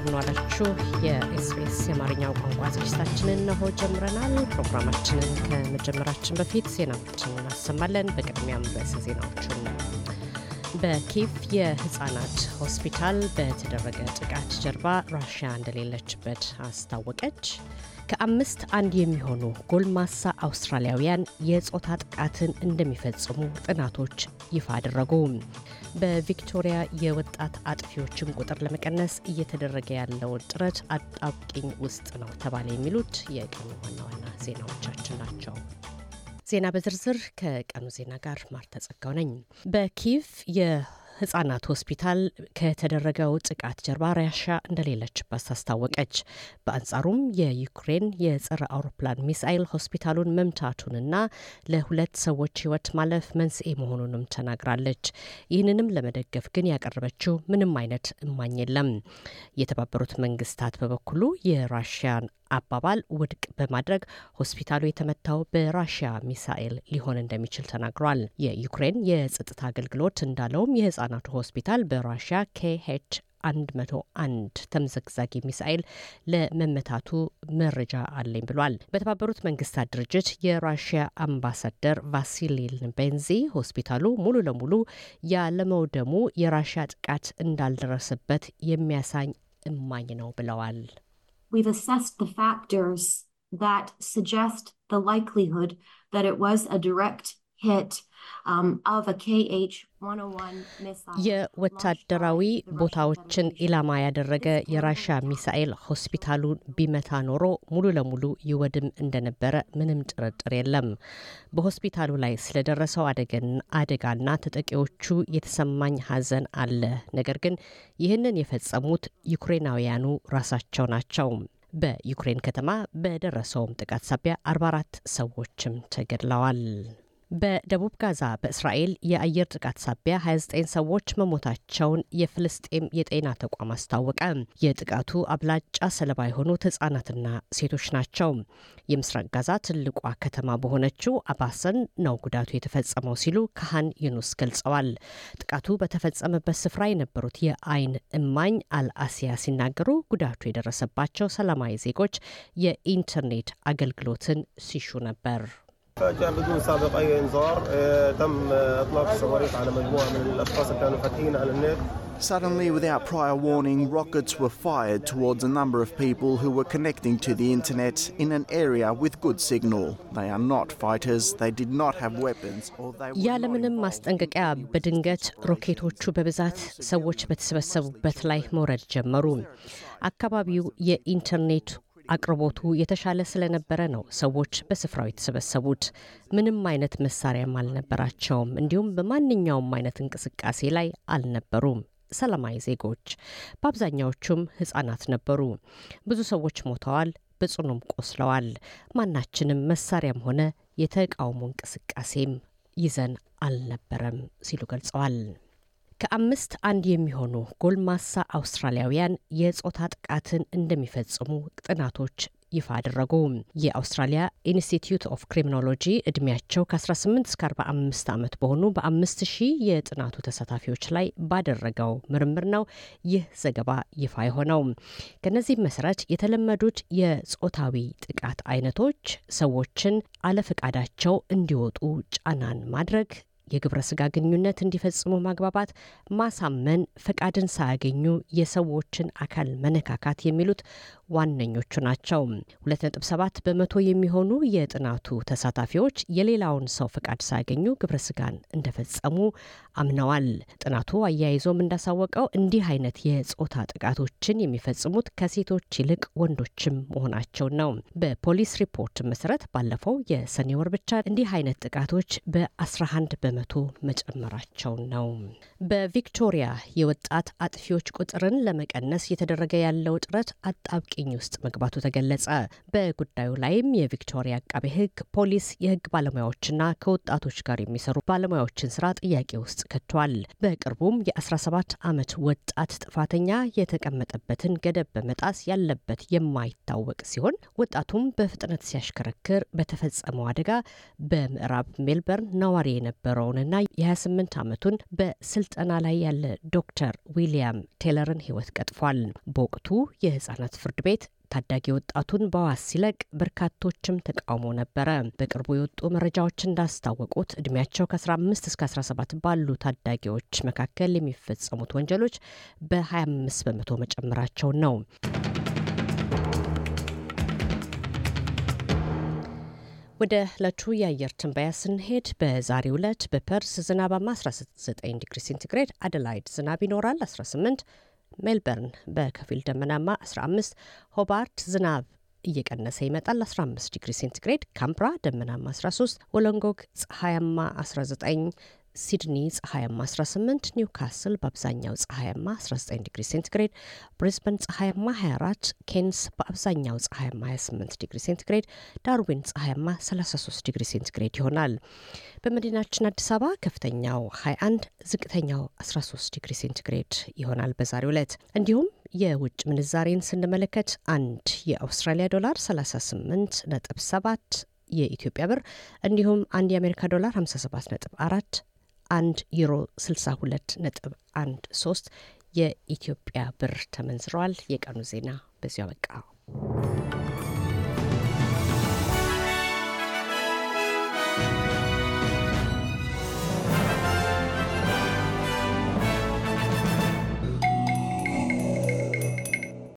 እንደምንዋላችሁ የኤስቢኤስ የአማርኛው ቋንቋ ዝግጅታችንን እነሆ ጀምረናል። ፕሮግራማችንን ከመጀመራችን በፊት ዜናዎችን እናሰማለን። በቅድሚያም ርዕሰ ዜናዎቹን በኪፍ የህጻናት ሆስፒታል በተደረገ ጥቃት ጀርባ ራሽያ እንደሌለችበት አስታወቀች። ከአምስት አንድ የሚሆኑ ጎልማሳ አውስትራሊያውያን የጾታ ጥቃትን እንደሚፈጽሙ ጥናቶች ይፋ አደረጉ። በቪክቶሪያ የወጣት አጥፊዎችን ቁጥር ለመቀነስ እየተደረገ ያለውን ጥረት አጣብቂኝ ውስጥ ነው ተባለ። የሚሉት የቀኑ ዋና ዋና ዜናዎቻችን ናቸው። ዜና በዝርዝር ከቀኑ ዜና ጋር ማርታ ጸጋው ነኝ። በኪቭ ህጻናት ሆስፒታል ከተደረገው ጥቃት ጀርባ ራሻ እንደሌለችበት አስታወቀች። በአንጻሩም የዩክሬን የጸረ አውሮፕላን ሚሳኤል ሆስፒታሉን መምታቱንና ለሁለት ሰዎች ህይወት ማለፍ መንስኤ መሆኑንም ተናግራለች። ይህንንም ለመደገፍ ግን ያቀረበችው ምንም አይነት እማኝ የለም። የተባበሩት መንግስታት በበኩሉ የራሽያን አባባል ውድቅ በማድረግ ሆስፒታሉ የተመታው በራሽያ ሚሳኤል ሊሆን እንደሚችል ተናግሯል። የዩክሬን የጸጥታ አገልግሎት እንዳለውም የህጻ ህጻናቱ ሆስፒታል በራሽያ ኬሄች 101 ተምዘግዛጊ ሚሳኤል ለመመታቱ መረጃ አለኝ ብሏል። በተባበሩት መንግስታት ድርጅት የራሽያ አምባሳደር ቫሲሊን ቤንዚ ሆስፒታሉ ሙሉ ለሙሉ ያለመውደሙ የራሽያ ጥቃት እንዳልደረሰበት የሚያሳይ እማኝ ነው ብለዋል። We've assessed the factors that suggest the likelihood that it was a direct Um, oh የወታደራዊ ቦታዎችን ኢላማ ያደረገ የራሻ ሚሳኤል ሆስፒታሉን ቢመታ ኖሮ ሙሉ ለሙሉ ይወድም እንደነበረ ምንም ጥርጥር የለም። በሆስፒታሉ ላይ ስለደረሰው አደጋና ተጠቂዎቹ የተሰማኝ ሐዘን አለ። ነገር ግን ይህንን የፈጸሙት ዩክሬናውያኑ ራሳቸው ናቸው። በዩክሬን ከተማ በደረሰውም ጥቃት ሳቢያ 44 ሰዎችም ተገድለዋል። በደቡብ ጋዛ በእስራኤል የአየር ጥቃት ሳቢያ 29 ሰዎች መሞታቸውን የፍልስጤም የጤና ተቋም አስታወቀ። የጥቃቱ አብላጫ ሰለባ የሆኑት ህጻናትና ሴቶች ናቸው። የምስራቅ ጋዛ ትልቋ ከተማ በሆነችው አባሰን ነው ጉዳቱ የተፈጸመው ሲሉ ካህን ዩኑስ ገልጸዋል። ጥቃቱ በተፈጸመበት ስፍራ የነበሩት የአይን እማኝ አልአሲያ ሲናገሩ ጉዳቱ የደረሰባቸው ሰላማዊ ዜጎች የኢንተርኔት አገልግሎትን ሲሹ ነበር። جاء بدون سابق اي انذار تم اطلاق الصواريخ على مجموعه من الاشخاص اللي كانوا فاتحين على النت Suddenly, without prior warning, rockets were fired towards a number of people who were connecting to the internet in an area with good signal. They are not fighters, they did not have weapons, or they were ያለምንም ማስጠንቀቂያ በድንገት ሮኬቶቹ በብዛት ሰዎች በተሰበሰቡበት ላይ መውረድ ጀመሩ። አካባቢው የኢንተርኔት አቅርቦቱ የተሻለ ስለነበረ ነው ሰዎች በስፍራው የተሰበሰቡት። ምንም አይነት መሳሪያም አልነበራቸውም። እንዲሁም በማንኛውም አይነት እንቅስቃሴ ላይ አልነበሩም። ሰላማዊ ዜጎች፣ በአብዛኛዎቹም ህጻናት ነበሩ። ብዙ ሰዎች ሞተዋል፣ በጽኑም ቆስለዋል። ማናችንም መሳሪያም ሆነ የተቃውሞ እንቅስቃሴም ይዘን አልነበረም ሲሉ ገልጸዋል። ከአምስት አንድ የሚሆኑ ጎልማሳ አውስትራሊያውያን የጾታ ጥቃትን እንደሚፈጽሙ ጥናቶች ይፋ አደረጉ። የአውስትራሊያ ኢንስቲትዩት ኦፍ ክሪሚኖሎጂ እድሜያቸው ከ18 እስከ 45 ዓመት በሆኑ በ5000 የጥናቱ ተሳታፊዎች ላይ ባደረገው ምርምር ነው ይህ ዘገባ ይፋ የሆነው። ከነዚህም መሰረት የተለመዱት የጾታዊ ጥቃት አይነቶች ሰዎችን አለፈቃዳቸው እንዲወጡ ጫናን ማድረግ፣ የግብረ ስጋ ግንኙነት እንዲፈጽሙ ማግባባት፣ ማሳመን፣ ፈቃድን ሳያገኙ የሰዎችን አካል መነካካት የሚሉት ዋነኞቹ ናቸው። 2.7 በመቶ የሚሆኑ የጥናቱ ተሳታፊዎች የሌላውን ሰው ፈቃድ ሳያገኙ ግብረ ስጋን እንደፈጸሙ አምነዋል። ጥናቱ አያይዞም እንዳሳወቀው እንዲህ አይነት የጾታ ጥቃቶችን የሚፈጽሙት ከሴቶች ይልቅ ወንዶችም መሆናቸው ነው። በፖሊስ ሪፖርት መሰረት ባለፈው የሰኔ ወር ብቻ እንዲህ አይነት ጥቃቶች በ11 በመ በመቶ መጨመራቸው ነው። በቪክቶሪያ የወጣት አጥፊዎች ቁጥርን ለመቀነስ እየተደረገ ያለው ጥረት አጣብቂኝ ውስጥ መግባቱ ተገለጸ። በጉዳዩ ላይም የቪክቶሪያ አቃቤ ሕግ ፖሊስ የህግ ባለሙያዎችና ከወጣቶች ጋር የሚሰሩ ባለሙያዎችን ስራ ጥያቄ ውስጥ ከቷል። በቅርቡም የ17 ዓመት ወጣት ጥፋተኛ የተቀመጠበትን ገደብ በመጣስ ያለበት የማይታወቅ ሲሆን ወጣቱም በፍጥነት ሲያሽከረክር በተፈጸመው አደጋ በምዕራብ ሜልበርን ነዋሪ የነበረው የገባውንና የ28 ዓመቱን በስልጠና ላይ ያለ ዶክተር ዊሊያም ቴለርን ህይወት ቀጥፏል። በወቅቱ የህጻናት ፍርድ ቤት ታዳጊ ወጣቱን በዋስ ሲለቅ በርካቶችም ተቃውሞ ነበረ። በቅርቡ የወጡ መረጃዎች እንዳስታወቁት እድሜያቸው ከ15 እስከ 17 ባሉ ታዳጊዎች መካከል የሚፈጸሙት ወንጀሎች በ25 በመቶ መጨመራቸውን ነው። ወደ ዕለቱ የአየር ትንበያ ስንሄድ በዛሬ ዕለት በፐርስ ዝናባማ 19 ዲግሪ ሴንቲግሬድ፣ አደላይድ ዝናብ ይኖራል 18፣ ሜልበርን በከፊል ደመናማ 15፣ ሆባርት ዝናብ እየቀነሰ ይመጣል 15 ዲግሪ ሴንቲግሬድ፣ ካምፕራ ደመናማ 13፣ ወለንጎግ ፀሐያማ 19 ሲድኒ ፀሐያማ 18፣ ኒውካስል በአብዛኛው ፀሐያማ 19 ዲግሪ ሴንቲግሬድ፣ ብሪስበን ፀሐያማ 24፣ ኬንስ በአብዛኛው ፀሐያማ 28 ዲግሪ ሴንቲግሬድ፣ ዳርዊን ፀሐያማ 33 ዲግሪ ሴንቲግሬድ ይሆናል። በመዲናችን አዲስ አበባ ከፍተኛው 21፣ ዝቅተኛው 13 ዲግሪ ሴንቲግሬድ ይሆናል በዛሬው ዕለት እንዲሁም የውጭ ምንዛሬን ስንመለከት አንድ የአውስትራሊያ ዶላር 38 ነጥብ 7 የኢትዮጵያ ብር እንዲሁም አንድ የአሜሪካ ዶላር 57 ነጥብ 4 አንድ ዩሮ 62 ነጥብ የኢትዮጵያ ብር ተመንዝረዋል። የቀኑ ዜና በዚሁ አበቃ።